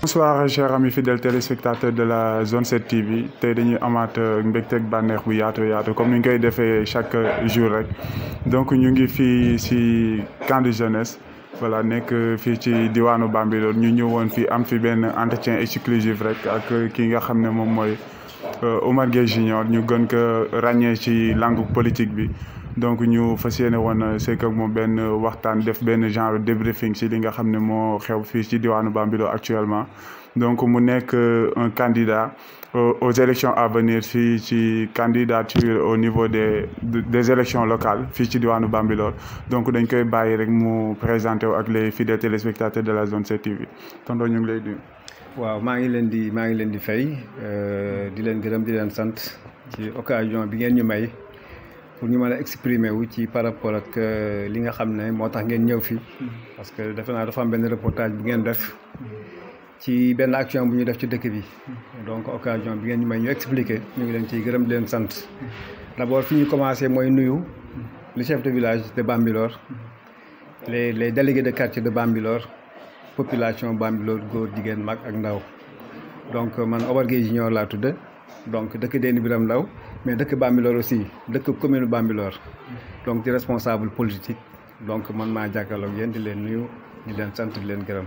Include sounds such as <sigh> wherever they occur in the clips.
bonsoir chers amis fidèles téléspectateurs de la zone 7 TV te dañuy amaat euh, mbégteeg bànneex bu yaatu yaatu comme ni ñu koy defee chaque euh, jour rek donc ñu ngi fii ci camp de jeunesse voilà nekk euh, fii ci diwaanu Bambilor ñu ñëwoon fii am fi benn entretien exclusif rek ak ki nga xam ne moom mooy Omar Gueye Junior ñu gën ko ràññee ci langue politique bi. donc ñu fas yéene woon euh, sekk ak moom benn euh, waxtaan def ben genre débriefing si li nga xam xew fi ci diwanu bambilo actuellement donc mu nekk euh, un candidat aux élections à venir fi ci candidature au niveau des des élections locales fi ci diwanu bambilo donc dañ koy bàyyi rek mu présenté ak les fidèles téléspectateurs de la zone CTV. TV tonton ñu ngi lay nuyu. waaw ma ngi leen di ma ngi leen di fay di leen gërëm di leen sante ci occasion bi ngeen ñu may pour ñu mën exprimer wu ci par rapport ak euh, li nga xamné motax ngeen ñëw fi mm-hmm. parce que defe naa dafa am benn reportage bu ngeen def. ci benn action bu ñu def ci dëkk bi. Mm-hmm. donc occasion bi ngeen ñu may ñu expliquer ñu ngi leen ciy gërëm di leen sant. Mm-hmm. d'abord fi ñu commencé moy nuyu. le chef de village de Bambilor. les les délégués de quartier de Bambilor. population Bambilor goor digeen mag ak ndaw. donc man Omar Junior laa donc dëkk Déni Biram Ndao mais dëkk Bambilor aussi dëkk commune Bambilor donc di responsable politique donc man maa jàkkaloog yéen di leen nuyu di leen sant di leen gërëm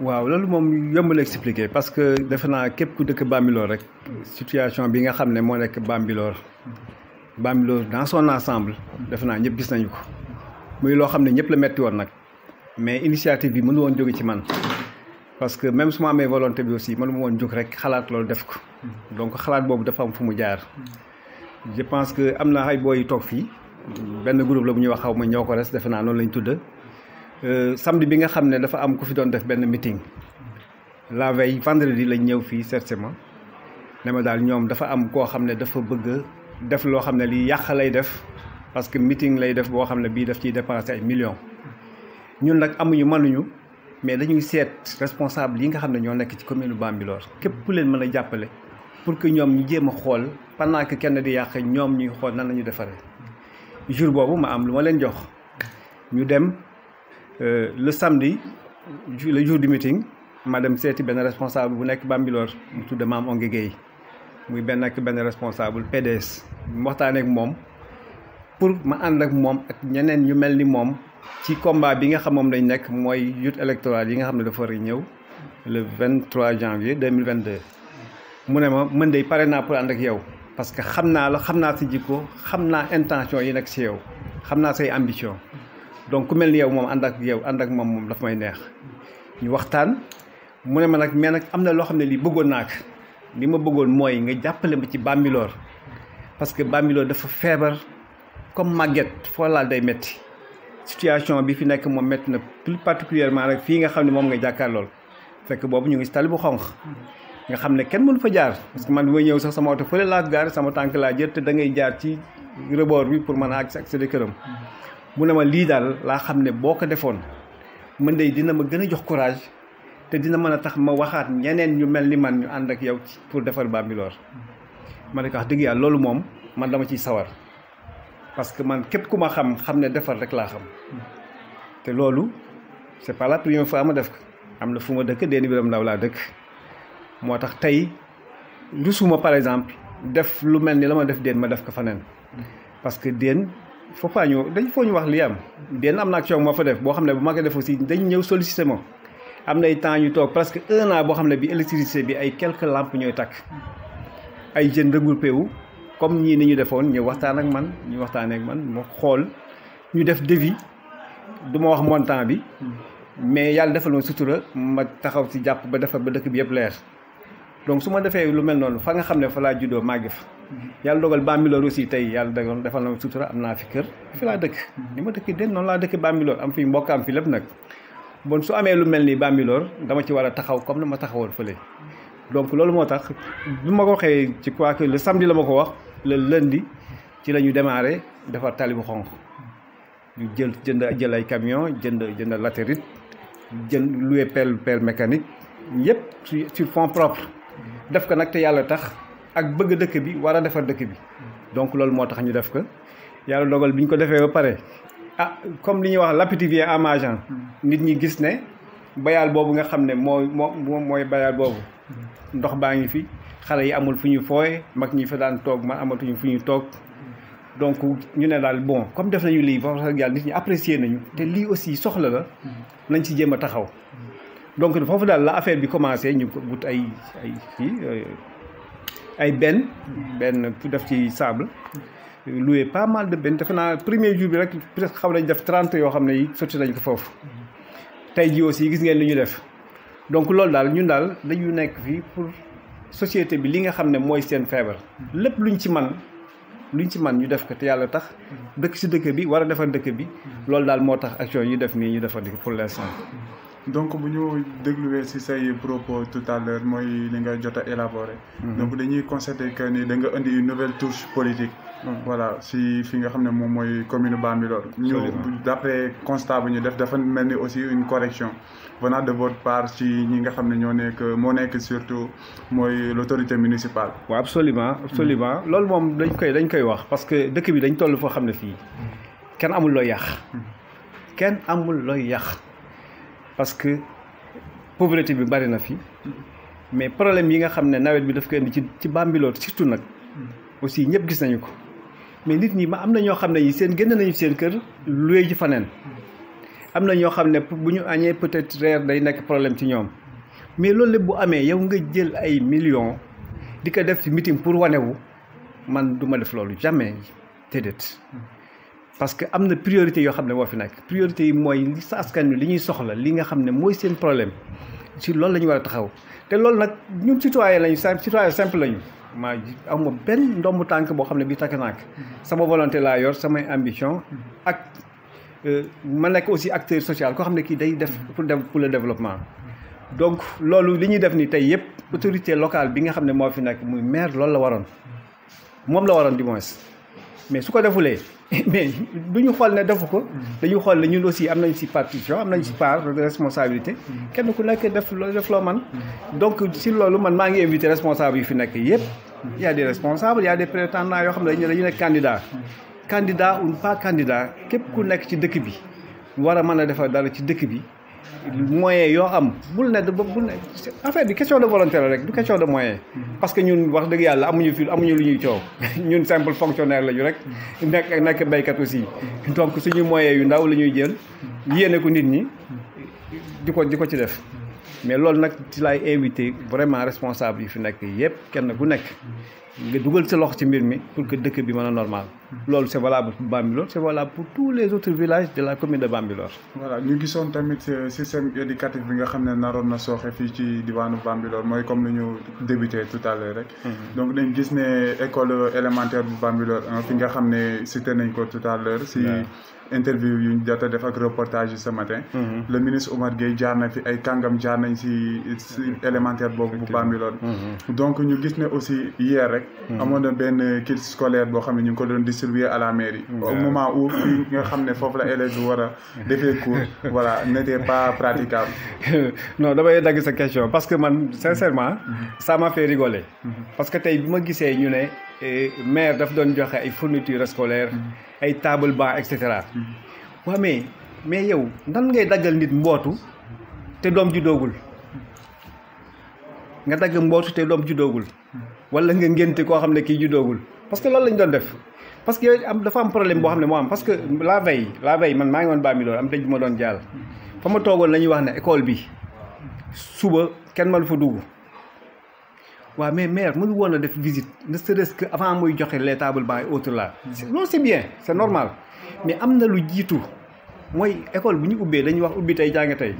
waaw loolu moom expliquer parce que defe naa képp Bambilor situation bi nga xam Bambilor Bambilor dans son ensemble defe naa ñëpp gis nañu ko muy la metti mais initiative bi mënu parce que même su ma volonté aussi mënu ma woon jóg rek donc xalaat dafa am fu mu jaar je pense que am na ay yu toog fii groupe la bu wax Euh, samedi bi nga xam ne dafa am ku fi doon def benn meeting la veille vendredi lañ ñëw fii seet ma ne ma daal ñoom dafa am koo xam ne dafa bëgg def loo xam ne li yàq lay def parce que mitin lay def boo xam ne bii def ciy dépensé ay millions ñun nag amuñu mënuñu mais dañuy seet responsable yi nga xam ne ñoo nekk ci commune Bambilor képp ku leen mën a jàppale pour que ñoom ñu jéem a xool pendant kenn di yàq ñoom ñuy xool nan la ñu defaree jour boobu ma am lu ma leen jox dem. Euh, le samedi le jour du meeting ma dem seeti benn responsable bu nekk Bambilor mu tudd Maam Onge Gueye muy benn ak benn responsable PDS mu waxtaanee ak moom pour ma ànd ak moom ak ñeneen ñu mel ni moom ci combat bi nga xam moom lañ nekk mooy jut électorale yi nga xam ne dafa war a ñëw le 23 janvier 2022. mu ne ma mën de pare naa pour ànd ak yow parce que xam naa la xam naa sa jikko xam naa intention yi nekk si yow xam naa say ambition. donc ku mel ni yow moom ànd ak yow ànd ak moom moom daf may neex ñu waxtaan mu ne ma nag mais nag am na loo xam ne lii bëggoon naa ko li ma bëggoon mooy nga jàppale ma ci Bambilor parce que Bambilor dafa feebar comme màgget foo laal day métti situation bi fi nekk moom metti na plus particulièrement rek fii nga xam ne moom nga jàkkaar lool fekk boobu ñu ngi si tali bu xonq nga xam ne kenn mënu fa jaar parce man bi may ñëw sax sama oto fële laa gaar sama tànk laa da ngay jaar ci rebord bi pour mën a accéder këram mu ne ma lii daal laa xam ne boo ko defoon man de dina ma gën a jox courage te dina mën a tax ma waxaat ñeneen ñu mel ni man ñu ànd ak yow pour defar Bambilor ma ne ko wax dëgg yàlla loolu moom man dama ciy sawar parce que man képp ku ma xam xam ne defar rek laa xam te loolu c'est pas la première fois ma def ko am na fu ma dëkk Déni Biram Ndaw laa dëkk moo tax tey rusuma par exemple def lu mel ni la ma def déen ma def ko faneen parce que déen faut pas ñu dañ foo ñu wax li am benn am na action moo fa def boo xam ne bu ma ko def aussi dañ ñëw sollicité ma am nay temps ñu toog presque que an boo xam ne bi électricité bi ay quelques lampes ñooy takk ay jeunes regroupé wu comme ñii ni ñu defoon ñu waxtaan ak man ñu waxtaanee ak man ma xool ñu def devis du ma wax montant bi mais yàlla defal ma sutura ma taxaw ci jàpp ba defar ba dëkk bi yëpp leer donc su ma defee lu mel noonu fa nga xam ne fa laa juddoo màgg fa yàlla dogal Bambilor aussi tey yàlla dogal defal na ma sutura am naa fi kër fi laa dëkk li ma dëkk déet noonu laa dëkk Bambilor am fi mbokk am fi lépp nag bon su amee lu mel ni Bambilor dama ci war a taxaw comme na ma taxawoon fële donc loolu moo tax bi ma ko waxee ci quoi que le samedi la ma ko wax le lundi ci la ñu démarré defar tali bu xonq ñu jël jënd jël ay camion jënd jënd latérite jënd loué pelle pelle mécanique yëpp sur fond propre def ko nag te yàlla tax ak bëgg dëkk bi war a dëkk bi donc loolu moo tax ñu def ko yàlla dogal bi ñu ko defee ba pare ah comme li ñuy wax l'appétit vient en mangeant nit ñi gis ne bayaal boobu nga xam ne moo moo mooy bayaal boobu ndox baa ngi fi xale yi amul fu ñuy fooye mag ñi fa daan toog man amatuñu fu ñuy toog donc ñu ne daal bon comme def nañu lii wax dëgg yàlla nit ñi apprécier nañu te lii aussi soxla la nañ ci jéem a taxaw donc foofu daal la affaire bi commencé ñu ko wut ay ay kii ay benn benn pour def ci sable loué pas mal de benn defe naa premier jour bi rek presque xam nañ def trente yoo xam ne yi sotti nañ ko foofu tey ji aussi gis ngeen li ñu def donc loolu daal ñun daal dañu nekk fii pour société bi li nga xam ne mooy seen feebar lépp lu luñ ci man luñ ci man ñu def ko te yàlla tax dëkk si dëkk bi war a defar dëkk bi loolu daal moo tax action yi def nii ñu defar pour l'instant donc bu ñu dégluwee ci say propos tout à l'heure mooy li nga jot a élaboré mhm. donc dañuy constater que ni da nga indi une nouvelle touche politique voilà si fi nga xam ne moom mooy commune Bambilor ñu d'après constat bu ñu def dafa mel ni aussi une correction venant de votre part ci ñi nga xam ne ñoo nekk moo nekk surtout mooy l'autorité municipale waaw absolument absolument mhm. loolu moom dañ koy dañ koy wax parce que dëkk bi dañ toll foo xam ne fii kenn amul looy yàq mhm. kenn amul looy yàq parce que pauvreté bi bari na fi mais problème yi nga xam ne nawet bi daf koy indi ci ci Bambilor surtout nag aussi ñëpp gis nañu ko mais nit ñi ma am na ñoo xam ne yi seen génn nañu seen kër luy ji faneen am na ñoo xam ne bu ñu añee peut-être reer day nekk problème ci ñoom mais loolu lépp bu amee yow nga jël ay millions di ko def ci meeting pour wanewu man duma def loolu jamais déedéet parce que am na priorité yoo xam ne moo fi nekk priorité yi mooy li sa askan wi li ñuy soxla li nga xam ne mooy seen problème ci loolu la ñu war a taxaw te loolu nag ñun citoyen lañu citoyen simple lañu maa am benn ndombu tànk boo xam ne bii takk naa mm-hmm. sama volonté laa yor samay ambition mm-hmm. ak euh, ma nekk aussi acteur social koo xam ne kii day def mm-hmm. pour pour le développement. donc loolu li ñuy def ni tey yëpp autorité locale bi nga xam ne moo fi nekk muy maire loolu la waroon moom la waroon du moins mais su ko defulee. <laughs> mais duñu xol né ne ko dañu xol ne ñun aussi am nañ ci partition am nañ ci part de responsabilité kenn ku nekk def lo def lo man donc si loolu man maa ngi invité responsable yi fi nekk il y a des responsables il y a des prétendants yoo xam ne dañu nekk candidat candidat ou pas candidat képp ku nekk ci dëkk bi war a mën a defar dara ci dëkk bi moyen yoo am bul ne bul ne affaire bi question de volonté la rek du question de moyen parce que ñun wax dëgg yàlla amuñu fi amuñu lu ñuy coow <laughs> ñun simple fonctionnaire lañu ñu rek nekk nekk béykat aussi donc suñu moyen yu ndaw la ñuy jël yéene ko nit ñi di ko di ko ci def mais loolu nag ci lay invité vraiment responsable yi fi nekk yëpp kenn ku nekk nga dugal sa loxo ci mbir mi pour que dëkk bi mën a normal loolu c' est valable pour Bambilor c' valable pour tous les autres villages de la commune de Bambilor. voilà ñu gisoon tamit euh, système éducatif bi nga xam ne naroon na sooxe fii ci diwaanu Bambilor mooy comme lu ñu débuté tout à l'heure rek. Mhm. donc dañ gis école élémentaire bu Bambilor fi nga xam ne cité nañ ko tout à l'heure interview yu y a def ak reportage ce matin. Mhm. le ministre Omar Gueye jaar na fi ay kàngam jaar nañ si si élémentaire bu mhm. donc nous gis aussi hier rek. Mhm. amoon na benn kit scolaire boo xam ne ñu ko doon à la mairie. au moment où nous nga xam ne foofu la élève yi war a cours voilà n'était pas praticable. <laughs> non damay dagg sa question parce que sincèrement ça m'a fait rigoler. parce que tey bi ma gisee ñu ne. maire daf doon joxe ay fourniture scolaire mm. ay table banc et cetera mm. waaw mais mais yow nan ngay daggal nit mbootu te doom ju doogul nga dagg mbootu te doom ju doogul wala nga ngénte koo xam ne kii ju doogul parce que loolu lañ doon def parce que yooyu am dafa am problème boo xam ne moo am parce que la veille la veille man maa ngi woon baa mi loolu am dëj bu ma doon jàll fa ma toogoon la ñuy wax ne école bi suba kenn mënu fa dugg waaw mais maire mënu woon a def visite ne serait que avant mooy joxe les tables bancs et autres là non c' est bien c' normal mais am na lu jiitu mooy école bu ñu ubbee dañuy wax ubbi tey jàng tey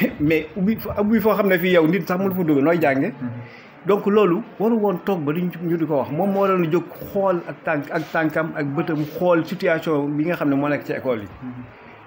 <laughs> mais ubbi ubbi foo xam ne fii yow nit sax mënu fa dugg nooy jàng donc loolu waru woon toog ba duñ ñu di ko wax moom moo waroon a jóg xool ak tànk ak tànkam ak bëtam xool situation bi nga xam ne moo nekk ci école yi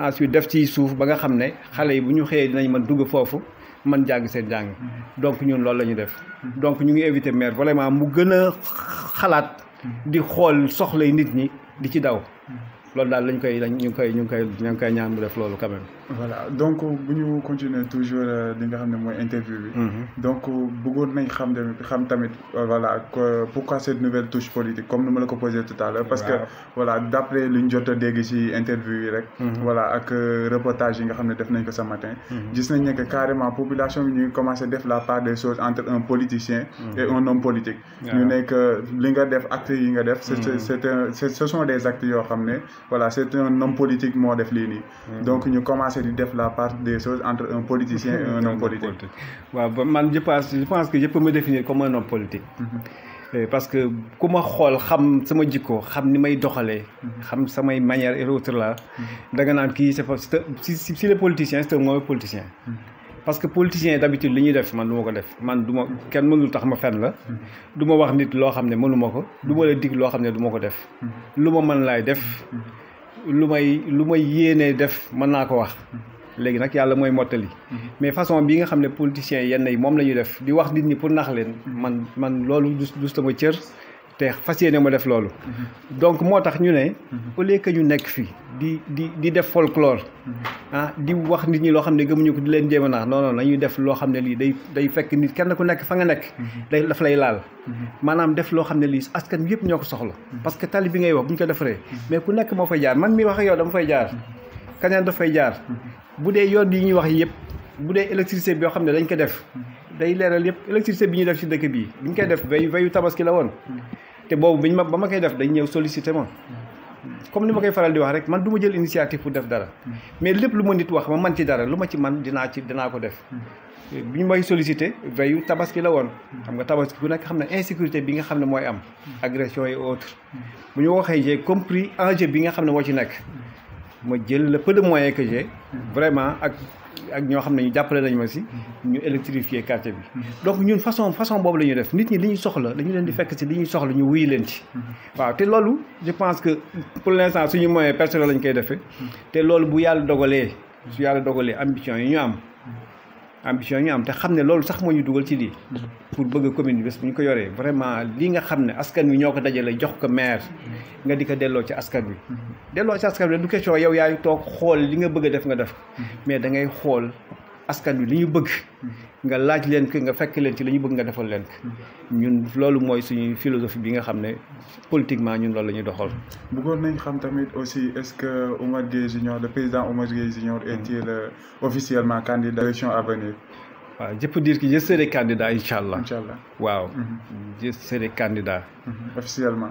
Asu def ci suuf ba nga xam ne xale yi bu ñu xëyee dinañ mën dugg foofu mën jàng seen jàng mm-hmm. donc ñun loolu la def mm-hmm. donc ñu ngi invité maire vraiment mu gën a xalaat di xool soxlay nit ñi di ci daw voilà donc toujours euh, mm-hmm. donc euh, euh, pourquoi cette nouvelle touche politique comme nous l'avons tout à l'heure parce que voilà d'après mm-hmm. reportage que ce matin. la mm-hmm. population commence la part des choses entre un politicien. et un homme politique. ce sont des acteurs, voilà c'est un homme politique moi def lii mm-hmm. donc nous commençons à def la part des choses entre un politicien et un <laughs> homme politique. man je pense je pense que je peux me définir comme un homme politique. Mm-hmm. Eh, parce que comme je xool xam sama jikko xam ni may doxalee. Mm-hmm. xam sama manière et autre là. nga naan ki c'est si si le politicien c'est un mauvais politicien. parce que politiciens yi d'habitude li ñuy def man du ko def man du kenn mënul tax ma fen la du ma wax nit loo xam ne mënu ko du ma la dig loo xam ne duma ko def lu ma man laay def lu may lu may yéenee def mën naa ko wax léegi nag yàlla mooy mottali mais façon bi nga xam ne politiciens yenn yi moom la ñuy def di wax nit ñi pour nax leen man man loolu dus dus sama cër te fas yéene ma def loolu. Mhm. donc moo tax ñu ne. Mhm. au lieu que ñu nekk fii di di di def folklore. Mhm. ah di wax nit ñi loo xam ne gëmuñu ko di leen jéem a naax non non nañuy def loo xam ne lii day day fekk nit kenn ku nekk fa nga nekk. day daf lay laal. maanaam def loo xam ne lii askan yëpp ñoo ko soxla. parce que tali bi ngay wax bu ñu ko defaree. mais ku nekk moo fay jaar man mi wax ak yow dama fay jaar. keneen daf fay jaar. bu dee yoon yi ñuy wax yëpp bu dee électricité bi yoo xam ne dañ ko def. day leeral yëpp électricité bi ñuy def ci dëkk bi ñu koy def veyu veyu tabaski la woon. te boobu ñu ma ba ma koy def dañ ñëw sollicité comme ni ma koy faral di wax rek man du ma jël initiative pour def dara mais lépp lu ma nit wax ma man ci dara lu ma ci man dinaa ci dinaa ko def bi ñu may sollicité veyu tabaski la woon xam nga tabaski ku nekk xam ne insécurité bi nga xam ne mooy am agression et autres bu ñu waxee j'ai compris enjeu bi nga xam ne moo ci nekk ma jël le peu de moyens que j'ai vraiment ak ak ñoo xam ne ñu jàppale nañu ma si ñu électrifier quartier bi donc ñun façon façon boobu la ñuy def nit ñi li ñu soxla dañu leen di fekk si li ñuy soxla ñu wuy leen ci waaw te loolu je pense que pour l'instant suñu moyen personnel lañ koy defee te loolu bu yàlla dogalee su yàlla dogalee ambition yi ñu am ambition ñu am te xam ne loolu sax moo ñu dugal ci lii mm-hmm. pour bëgg commune bi bés bu ñu ko yoree vraiment li nga xam ne askan wi ñoo ko dajale jox ko maire mm-hmm. nga di ko delloo ci askan wi mm-hmm. delloo ci askan wi du question yow yaay toog xool li nga bëgg a def nga def mais da xool askan wi li ñu bëgg nga laaj leen ki nga fekk leen ci la ñu bëgg nga defal leen ñun loolu mooy suñuy philosophie bi nga xam ne politiquement ñun loolu la ñuy doxal. bëggoon nañu xam tamit aussi est-ce que Oumar Gueye Junior le président Oumar Gueye Junior est-il mm. euh, officiellement candidat élection à venir. waaw je peux dire que je serai candidat incha allah. incha allah waaw. Mm-hmm. je serai candidat. Mm-hmm. officiellement.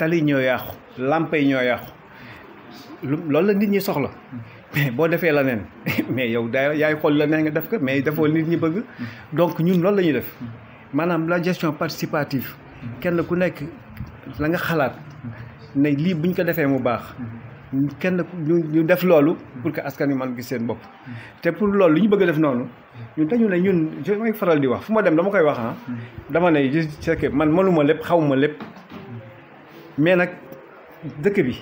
tali ñoo yàqu làmpa yi ñoo yàqu loolu la nit ñi soxla mais boo defee la neen <laughs> mais yow daa yaay xool la neen nga def ko mais defoo nit ñi bëgg donc ñun loolu la ñuy def maanaam la gestion participative kenn ku nekk la nga xalaat ne lii buñ ko defee mu baax kenn ñu def loolu pour que askan wi mën gis seen bopp te pour loolu lu ñu bëgg a def noonu ñun dañu ne ñun may faral di wax fu ma dem dama koy wax ah dama ne je sais que man mënuma lépp xawma lépp mais nag dëkk bi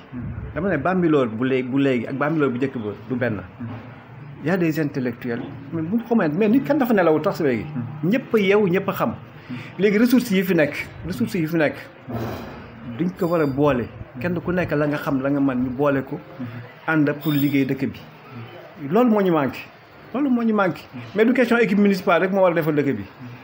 dama ne Bambilor bu léegi bu léegi ak Bambilor bu njëkk ba du benn mm-hmm. y a des intellectuels mais bu xamante mais nit kenn dafa nelawu tax si léegi mm-hmm. ñëpp a yeew ñëpp a xam mm-hmm. léegi ressources yi fi nekk ressources yi fi nekk duñ ko war a boole kenn ku nekk la nga xam la nga man ñu boole ko ànd pour liggéey dëkk bi loolu moo ñu manqué loolu moo ñu manqué mais du question équipe municipale rek moo war a defal dëkk bi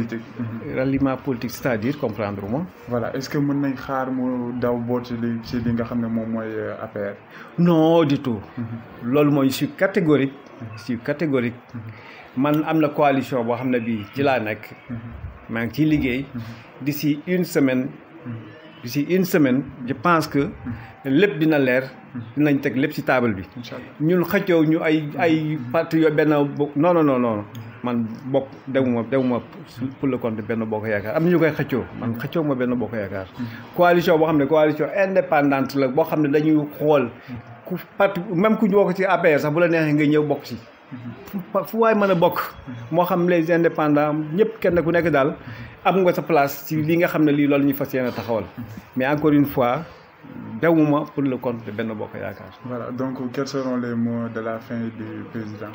Mhm. politique c'est-à-dire comprendre voilà est-ce que vous euh, non du tout. Mhm. je suis catégorique. Mhm. je suis catégorique. man am coalition d'ici une semaine. d'ici une semaine je pense que le dina table non man bokk demuma demuma pour le compte ben bokk yakar am na ñu koy xëccoo man mhm. xëccoo ma ben bokk yakar mhm. coalition bo xamné coalition indépendante la boo xam dañuy xool mhm. ku parti même ku ñu bokk ci APR sax bu la neexee nga ñëw bok ci fu way mën bok mo xam les indépendants ñëpp kenn ku nekk dal am nga sa place ci li nga xamné li lii ñu fassiyena taxawal mais encore une fois dewuma pour le compte ben benn bokk yaakaar voilà donc quels seront les mots de la fin du président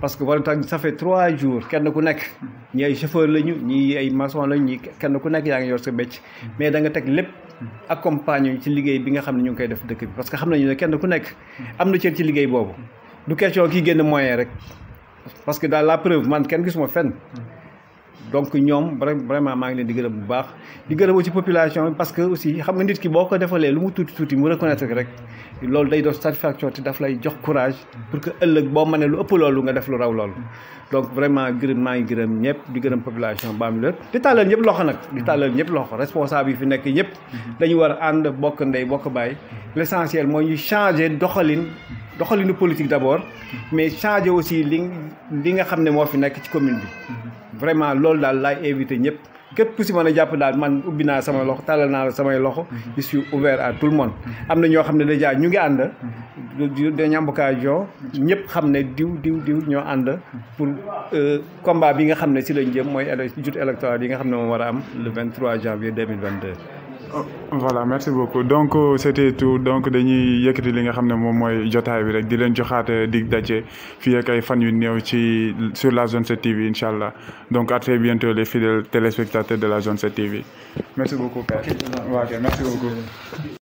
parce que Walum Tàkk ça fait trois jours kenn ku nekk ñi ay chauffeur lañu ñi ay maçon lañu ñi kenn ku nekk yaa ngi yor sa becc mais danga teg lépp accompagne ñu ci liggéey bi nga xam ne ñu ngi koy def dëkk bi parce que xam nañu ne kenn ku nekk am na cër ci liggéey boobu du question kii génn moyen rek parce que daal la preuve man kenn gis gisuma fenn donc ñoom vraiment maa ngi leen di gërëm bu baax di gërëm ci population bi parce que aussi xam nga nit ki boo ko defalee lu mu tuuti tuuti mu reconnaître rek loolu day doon satisfaction te daf lay jox courage pour que ëllëg boo mënee lu ëpp loolu nga def lu raw loolu donc vraiment gërëm maa ngi gërëm ñëpp di gërëm population Bambilor di tàllal ñëpp loxo nag di tàllal ñëpp loxo responsable yi fi nekk ñëpp dañu war a ànd bokk ndey bokk bàyyi l'essentiel mooy ñu changer doxalin doxalinu politique d'abord mais changer aussi li li nga xam ne moo fi nekk ci commune bi vraiment loolu daal laay invité ñëpp képp si mën a jàpp daal man ubbi naa sama loxo tàllal naa la samay loxo mhm. je suis ouvert à tout le monde mhm. am na ñoo xam ne déjà ñu ngi ànd dañu am occasion ñëpp xam ne diw diw diw ñoo ànd mhm. pour euh, combat bi nga xam ne si la jëm mooy éle joute électorale yi nga xam ne moom war a am le 23 janvier 2022 Euh, voilà merci beaucoup donc euh, c'était tout donc dañuy yëkëti li nga xamné mom moy bi rek di leen euh, dig fan yu sur la zone 7 TV inshallah. donc à très bientôt les fidèles téléspectateurs de la zone 7 TV merci beaucoup père. merci beaucoup.